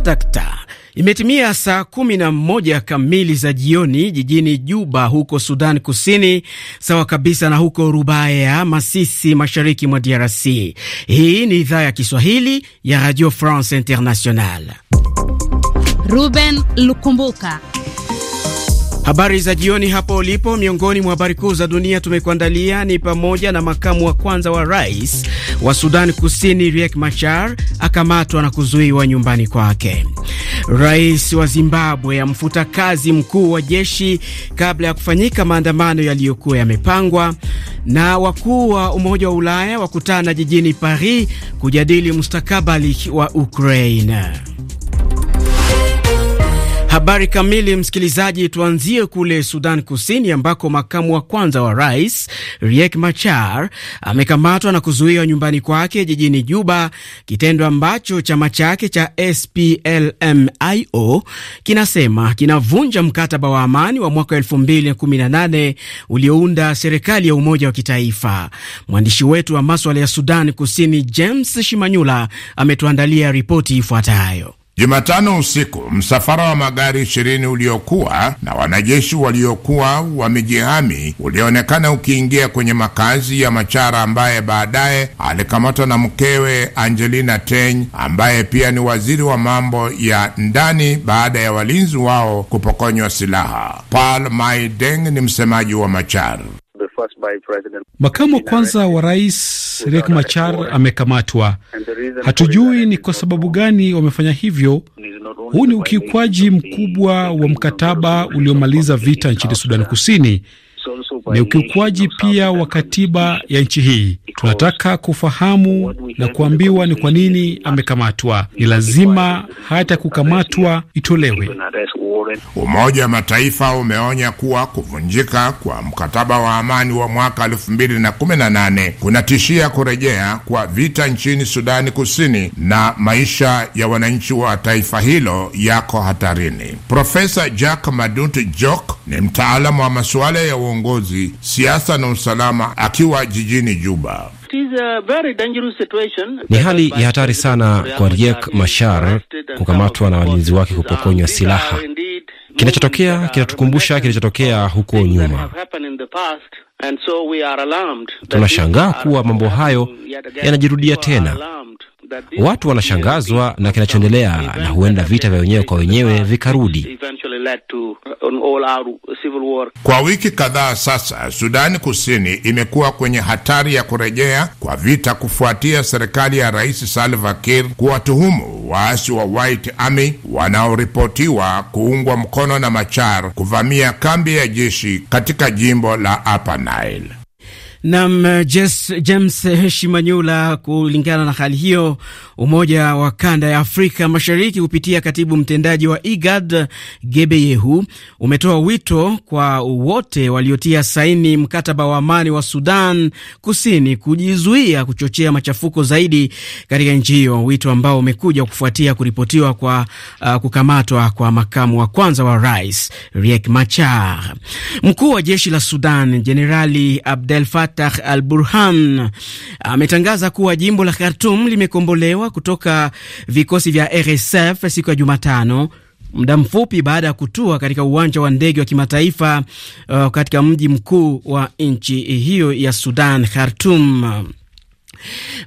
dakta. Imetimia saa kumi na moja kamili za jioni jijini Juba huko Sudan Kusini, sawa kabisa na huko Rubaya, Masisi, mashariki mwa DRC. Hii ni idhaa ya Kiswahili ya Radio France international Ruben Lukumbuka. Habari za jioni hapo ulipo. Miongoni mwa habari kuu za dunia tumekuandalia ni pamoja na makamu wa kwanza wa rais wa Sudan Kusini Riek Machar akamatwa na kuzuiwa nyumbani kwake. Rais wa Zimbabwe amfuta kazi mkuu wa jeshi kabla ya kufanyika maandamano yaliyokuwa yamepangwa. Na wakuu wa Umoja wa Ulaya wakutana jijini Paris kujadili mustakabali wa Ukraine. Habari kamili, msikilizaji, tuanzie kule Sudan Kusini ambako makamu wa kwanza wa rais Riek Machar amekamatwa na kuzuiwa nyumbani kwake jijini Juba, kitendo ambacho chama chake cha SPLMIO kinasema kinavunja mkataba wa amani wa mwaka 2018 uliounda serikali ya umoja wa kitaifa. Mwandishi wetu wa maswala ya Sudan Kusini James Shimanyula ametuandalia ripoti ifuatayo. Jumatano usiku msafara wa magari ishirini uliokuwa na wanajeshi waliokuwa wamejihami ulionekana ukiingia kwenye makazi ya Machara ambaye baadaye alikamatwa na mkewe Angelina Teny ambaye pia ni waziri wa mambo ya ndani baada ya walinzi wao kupokonywa silaha. Paul Maideng ni msemaji wa Machar. Makamu wa kwanza wa rais Riek Machar amekamatwa. Hatujui ni kwa sababu gani wamefanya hivyo. Huu ni ukiukwaji mkubwa wa mkataba uliomaliza vita nchini Sudani Kusini, ni ukiukwaji pia wa katiba ya nchi hii. Tunataka kufahamu na kuambiwa ni kwa nini amekamatwa. Ni lazima hata kukamatwa itolewe. Umoja wa Mataifa umeonya kuwa kuvunjika kwa mkataba wa amani wa mwaka 2018 kunatishia kurejea kwa vita nchini Sudani Kusini na maisha ya wananchi wa taifa hilo yako hatarini. Profesa Jack Madut Jok ni mtaalamu wa masuala ya uongozi, siasa na usalama akiwa jijini Juba. Ni hali ya hatari sana kwa Riek Machar kukamatwa na walinzi wake kupokonywa silaha. Kinachotokea kinatukumbusha kilichotokea huko nyuma. Tunashangaa kuwa mambo hayo yanajirudia tena. Watu wanashangazwa na kinachoendelea, na huenda vita vya wenyewe kwa wenyewe vikarudi. Civil War. Kwa wiki kadhaa sasa, Sudani Kusini imekuwa kwenye hatari ya kurejea kwa vita kufuatia serikali ya Rais Salva Kiir kuwatuhumu waasi wa White Army wanaoripotiwa kuungwa mkono na Machar kuvamia kambi ya jeshi katika jimbo la Upper Nile. Nam eh, James Heshimanyula, kulingana na hali hiyo, Umoja wa Kanda ya Afrika Mashariki kupitia katibu mtendaji wa IGAD Gebeyehu umetoa wito kwa wote waliotia saini mkataba wa amani wa Sudan Kusini kujizuia kuchochea machafuko zaidi katika nchi hiyo, wito ambao umekuja kufuatia kuripotiwa kwa uh, kukamatwa kwa makamu wa kwanza wa rais Riek Machar. Mkuu wa jeshi la Sudan Jenerali Abdel Fattah Fatah al Burhan ametangaza kuwa jimbo la Khartum limekombolewa kutoka vikosi vya RSF siku ya Jumatano, muda mfupi baada ya kutua katika uwanja wa ndege wa kimataifa uh, katika mji mkuu wa nchi hiyo ya Sudan, Khartum.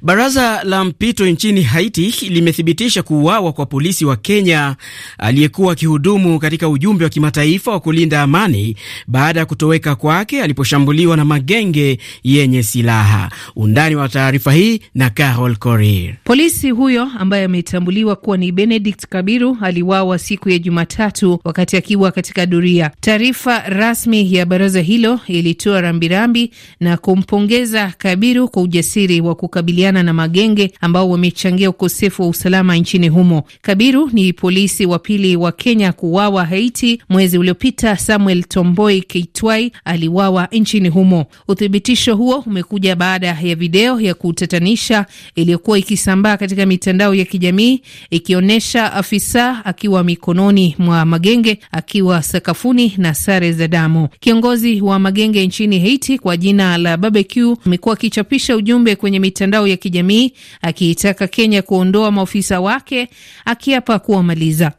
Baraza la mpito nchini Haiti limethibitisha kuuawa kwa polisi wa Kenya aliyekuwa akihudumu katika ujumbe wa kimataifa wa kulinda amani baada ya kutoweka kwake aliposhambuliwa na magenge yenye silaha. Undani wa taarifa hii na Carol Corir. Polisi huyo ambaye ametambuliwa kuwa ni Benedict Kabiru aliwawa siku ya Jumatatu wakati akiwa katika doria. Taarifa rasmi ya baraza hilo ilitoa rambirambi na kumpongeza Kabiru kwa ujasiri wa kukabiliana na magenge ambao wamechangia ukosefu wa usalama nchini humo. Kabiru ni polisi wa pili wa Kenya kuwawa Haiti mwezi uliopita. Samuel Tomboi Keitwai aliwawa nchini humo. Uthibitisho huo umekuja baada ya video ya kutatanisha iliyokuwa ikisambaa katika mitandao ya kijamii ikionyesha afisa akiwa mikononi mwa magenge akiwa sakafuni na sare za damu. Kiongozi wa magenge nchini Haiti kwa jina la Barbecue amekuwa akichapisha ujumbe kwenye mitandao ya kijamii akiitaka Kenya kuondoa maofisa wake, akiapa kuwamaliza.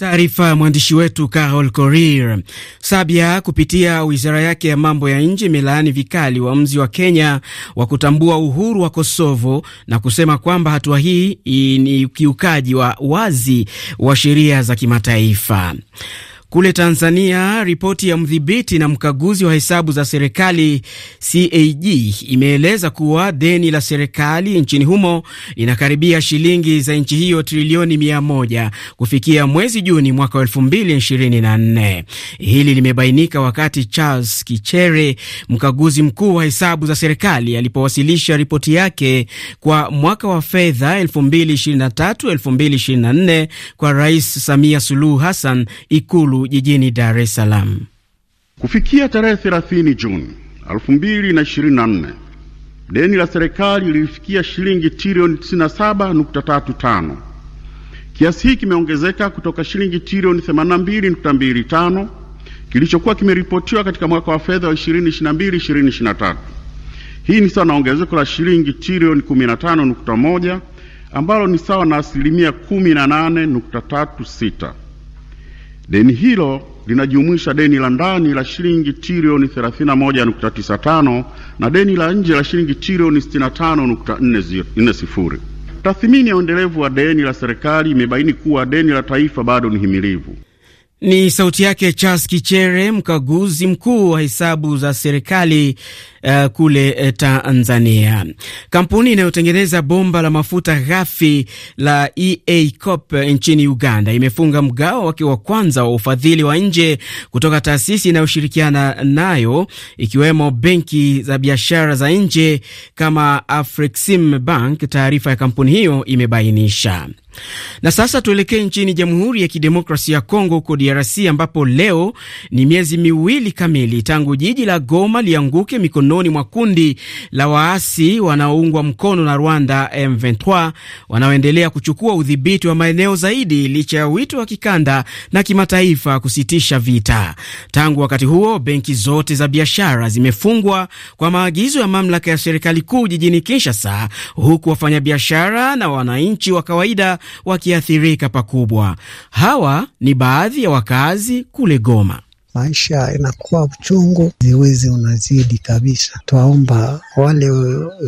Taarifa ya mwandishi wetu Carol Korir. Sabia kupitia wizara yake ya mambo ya nje imelaani vikali uamuzi wa, wa Kenya wa kutambua uhuru wa Kosovo na kusema kwamba hatua hii ni ukiukaji wa wazi wa sheria za kimataifa. Kule Tanzania, ripoti ya mdhibiti na mkaguzi wa hesabu za serikali CAG imeeleza kuwa deni la serikali nchini humo linakaribia shilingi za nchi hiyo trilioni 1 kufikia mwezi Juni mwaka 2024. Hili limebainika wakati Charles Kichere, mkaguzi mkuu wa hesabu za serikali, alipowasilisha ripoti yake kwa mwaka wa fedha 2023/2024 kwa Rais Samia Suluhu Hassan Ikulu Uhuru jijini Dar es Salaam. Kufikia tarehe 30 Juni 2024 deni la serikali lilifikia shilingi trilioni 97.35. Kiasi hii kimeongezeka kutoka shilingi trilioni 82.25 kilichokuwa kimeripotiwa katika mwaka wa fedha wa 2022/2023. Hii ni sawa na ongezeko la shilingi trilioni 15.1 ambalo ni sawa na asilimia 18.36. Deni hilo linajumuisha deni la ndani la shilingi trilioni 31.95 na deni la nje la shilingi trilioni 65.40. Tathmini ya uendelevu wa deni la serikali imebaini kuwa deni la taifa bado ni himilivu. Ni sauti yake Charles Kichere, mkaguzi mkuu wa hesabu za serikali uh, kule eh, Tanzania. Kampuni inayotengeneza bomba la mafuta ghafi la EA Corp eh, nchini Uganda imefunga mgao wake wa kwanza wa ufadhili wa nje kutoka taasisi inayoshirikiana nayo ikiwemo benki za biashara za nje kama Afrexim Bank, taarifa ya kampuni hiyo imebainisha. Na sasa tuelekee nchini Jamhuri ya Kidemokrasia ya Kongo huko DRC ambapo leo ni miezi miwili kamili tangu jiji la Goma lianguke mikono mikononi mwa kundi la waasi wanaoungwa mkono na Rwanda M23 wanaoendelea kuchukua udhibiti wa maeneo zaidi licha ya wito wa kikanda na kimataifa kusitisha vita. Tangu wakati huo, benki zote za biashara zimefungwa kwa maagizo ya mamlaka ya serikali kuu jijini Kinshasa, huku wafanyabiashara na wananchi wa kawaida wakiathirika pakubwa. Hawa ni baadhi ya wakazi kule Goma maisha inakuwa uchungu ziwezi unazidi kabisa. Twaomba wale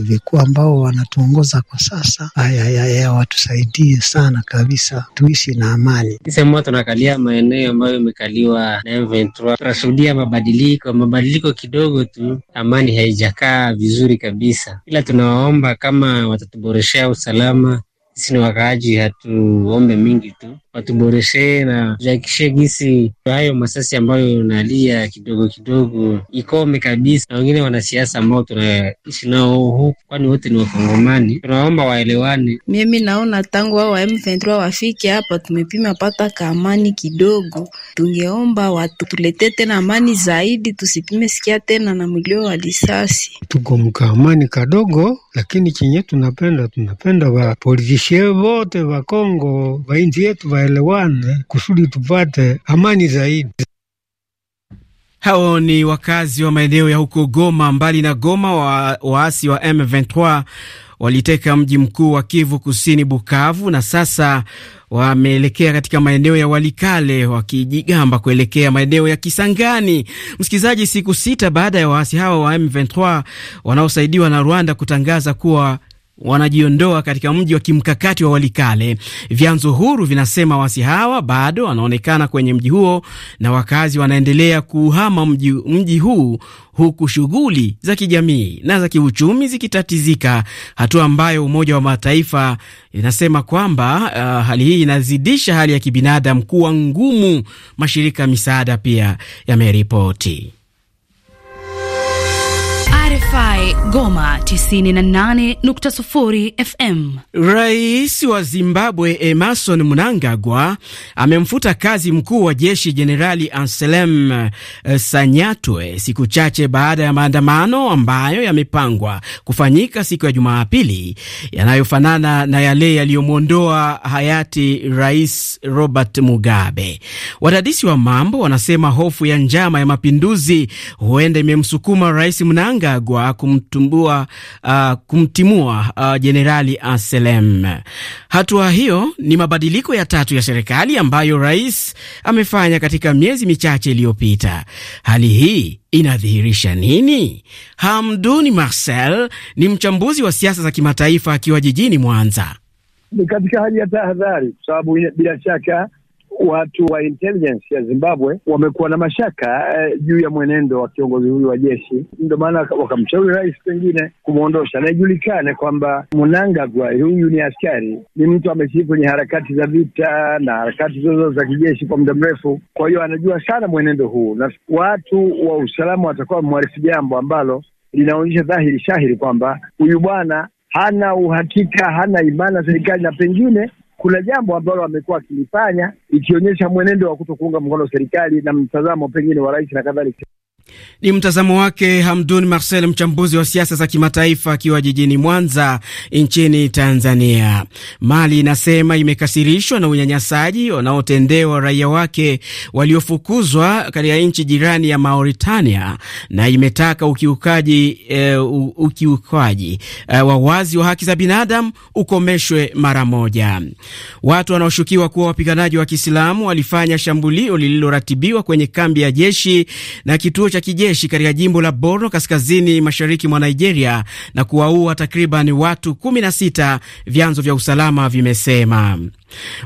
vikuu ambao wanatuongoza kwa sasa, ayayaya, watusaidie sana kabisa, tuishi na amani. Sema tunakalia maeneo ambayo imekaliwa na M23, tunashuhudia mabadiliko mabadiliko kidogo tu, amani haijakaa vizuri kabisa, ila tunawaomba kama watatuboreshea usalama sisi ni wakaaji, hatuombe mingi tu, watuboreshe na jakishe gisi hayo masasi ambayo unalia kidogo kidogo ikome kabisa, na wengine wanasiasa ambao tunaishi nao huku, kwani wote ni Wakongomani, tunaomba waelewane. Mimi naona tangu wao wa M23 wafike hapa tumepima pata ka amani kidogo, tungeomba watuletee tena amani zaidi, tusipime sikia tena na mlio wa lisasi Tuko mkaamani kadogo, lakini chenye tunapenda tunapenda wapolitishe wote wa Kongo wainji yetu wa waelewane kusudi tupate amani zaidi. Hao ni wakazi wa maeneo ya huko Goma. Mbali na Goma, waasi wa M23 waliteka mji mkuu wa Kivu Kusini, Bukavu, na sasa wameelekea katika maeneo ya Walikale wakijigamba kuelekea maeneo ya Kisangani. Msikilizaji, siku sita baada ya waasi hawa wa M23 wanaosaidiwa na Rwanda kutangaza kuwa wanajiondoa katika mji wa kimkakati wa Walikale. Vyanzo huru vinasema wasi hawa bado wanaonekana kwenye mji huo na wakazi wanaendelea kuuhama mji, mji huu huku shughuli za kijamii na za kiuchumi zikitatizika, hatua ambayo Umoja wa Mataifa inasema kwamba uh, hali hii inazidisha hali ya kibinadamu kuwa ngumu, mashirika ya misaada pia yameripoti. RFI Goma 98.0 FM. Rais wa Zimbabwe Emerson Mnangagwa amemfuta kazi mkuu wa jeshi Jenerali Anselm eh, Sanyatwe siku chache baada ya maandamano ambayo yamepangwa kufanyika siku ya Jumapili yanayofanana na yale yaliyomwondoa hayati Rais Robert Mugabe. Wadadisi wa mambo wanasema hofu ya njama ya mapinduzi huenda imemsukuma Rais Mnangagwa Mnangagwa kumtumbua, uh, kumtimua ah, jenerali uh, Anselm. Hatua hiyo ni mabadiliko ya tatu ya serikali ambayo rais amefanya katika miezi michache iliyopita. Hali hii inadhihirisha nini? Hamduni Marcel ni mchambuzi wa siasa za kimataifa akiwa jijini Mwanza. Ni katika hali ya tahadhari, kwa sababu bila shaka watu wa intelligence ya Zimbabwe wamekuwa na mashaka eh, juu ya mwenendo wa kiongozi huyu wa jeshi, ndio maana wakamshauri rais pengine kumwondosha, na ijulikane kwamba Mnangagwa huyu ni askari, ni mtu ameshiriki kwenye harakati za vita na harakati zozo za kijeshi kwa muda mrefu, kwa hiyo anajua sana mwenendo huu, na watu wa usalama watakuwa wamemwarifu jambo ambalo linaonyesha dhahiri shahiri kwamba huyu bwana hana uhakika, hana imani na serikali na pengine kuna jambo ambalo amekuwa akilifanya ikionyesha mwenendo wa kuto kuunga mkono serikali na mtazamo pengine wa rais na kadhalika. Ni mtazamo wake Hamdun Marcel, mchambuzi wa siasa za kimataifa, akiwa jijini Mwanza nchini Tanzania. Mali inasema imekasirishwa na unyanyasaji wanaotendewa raia wake waliofukuzwa katika nchi jirani ya Mauritania na imetaka ukiukaji, e, eh, ukiukaji e, eh, wa wazi wa haki za binadamu ukomeshwe mara moja. Watu wanaoshukiwa kuwa wapiganaji wa Kiislamu walifanya shambulio lililoratibiwa kwenye kambi ya jeshi na kituo cha cha kijeshi katika jimbo la Borno kaskazini mashariki mwa Nigeria na kuwaua takriban watu 16, vyanzo vya usalama vimesema.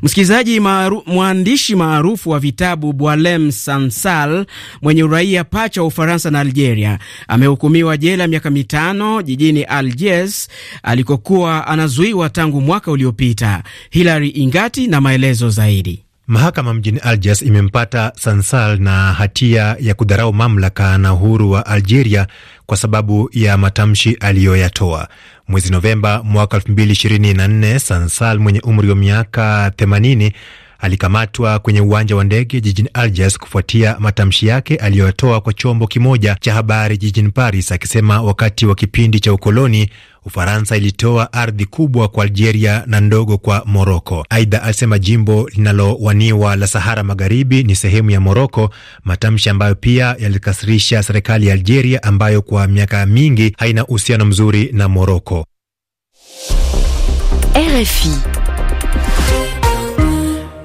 Msikilizaji, maru, mwandishi maarufu wa vitabu Bwalem Sansal mwenye uraia pacha wa Ufaransa na Algeria amehukumiwa jela miaka mitano jijini Algiers alikokuwa anazuiwa tangu mwaka uliopita. Hilary Ingati na maelezo zaidi. Mahakama mjini Algiers imempata Sansal na hatia ya kudharau mamlaka na uhuru wa Algeria kwa sababu ya matamshi aliyoyatoa mwezi Novemba mwaka 2024. Sansal mwenye umri wa miaka alikamatwa kwenye uwanja wa ndege jijini Algiers kufuatia matamshi yake aliyoyatoa kwa chombo kimoja cha habari jijini Paris, akisema wakati wa kipindi cha ukoloni Ufaransa ilitoa ardhi kubwa kwa Algeria na ndogo kwa Moroko. Aidha, alisema jimbo linalowaniwa la Sahara Magharibi ni sehemu ya Moroko, matamshi ambayo pia yalikasirisha serikali ya Algeria ambayo kwa miaka mingi haina uhusiano mzuri na Moroko. RFI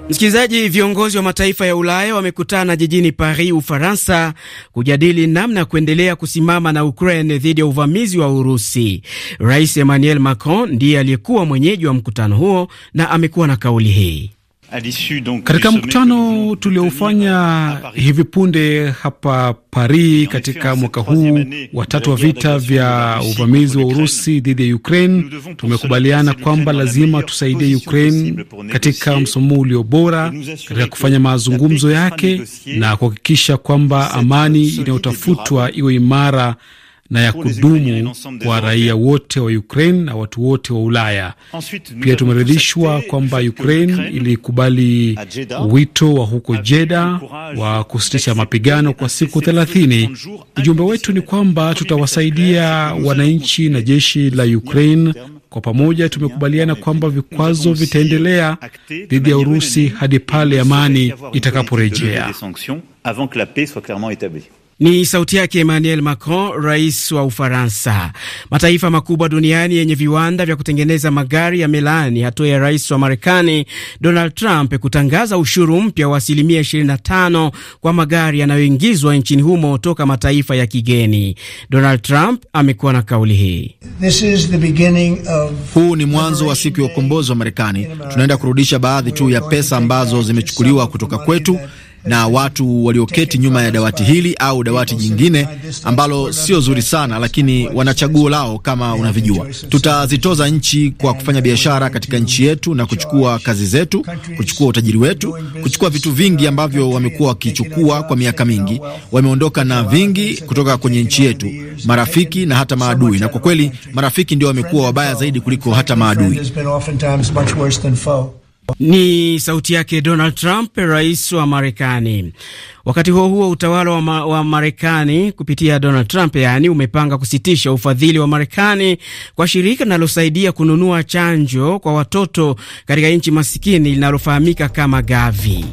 Msikilizaji, viongozi wa mataifa ya Ulaya wamekutana jijini Paris, Ufaransa, kujadili namna ya kuendelea kusimama na Ukraine dhidi ya uvamizi wa Urusi. Rais Emmanuel Macron ndiye aliyekuwa mwenyeji wa mkutano huo na amekuwa na kauli hii. Katika mkutano tuliofanya hivi punde hapa Paris katika mwaka huu wa tatu wa vita vya uvamizi wa Urusi dhidi ya Ukraine, tumekubaliana kwamba lazima tusaidie Ukraine katika msomo ulio bora katika kufanya mazungumzo yake na kuhakikisha kwamba amani inayotafutwa iwe imara na ya kudumu kwa raia wote wa Ukraine na watu wote wa Ulaya. Pia tumeridhishwa kwamba Ukraine ilikubali wito wa huko Jeda wa kusitisha mapigano kwa siku thelathini. Ujumbe wetu ni kwamba tutawasaidia wananchi na jeshi la Ukraine. Kwa pamoja tumekubaliana kwamba vikwazo vitaendelea dhidi ya Urusi hadi pale amani itakaporejea. Ni sauti yake Emmanuel Macron, rais wa Ufaransa. Mataifa makubwa duniani yenye viwanda vya kutengeneza magari yamelaani hatua ya rais wa Marekani Donald Trump kutangaza ushuru mpya wa asilimia 25 kwa magari yanayoingizwa nchini humo toka mataifa ya kigeni. Donald Trump amekuwa na kauli hii: huu ni mwanzo wa siku ya ukombozi wa Marekani. Tunaenda kurudisha baadhi tu ya pesa ambazo zimechukuliwa kutoka kwetu na watu walioketi nyuma ya dawati hili au dawati jingine ambalo sio zuri sana, lakini wana chaguo lao. Kama unavyojua, tutazitoza nchi kwa kufanya biashara katika nchi yetu na kuchukua kazi zetu, kuchukua utajiri wetu, kuchukua vitu vingi ambavyo wamekuwa wakichukua kwa miaka mingi. Wameondoka na vingi kutoka kwenye nchi yetu, marafiki na hata maadui, na kwa kweli marafiki ndio wamekuwa wabaya zaidi kuliko hata maadui. Ni sauti yake Donald Trump, rais wa Marekani. Wakati huo huo, utawala wa, ma wa Marekani kupitia Donald Trump yani umepanga kusitisha ufadhili wa Marekani kwa shirika linalosaidia kununua chanjo kwa watoto katika nchi masikini linalofahamika kama Gavi.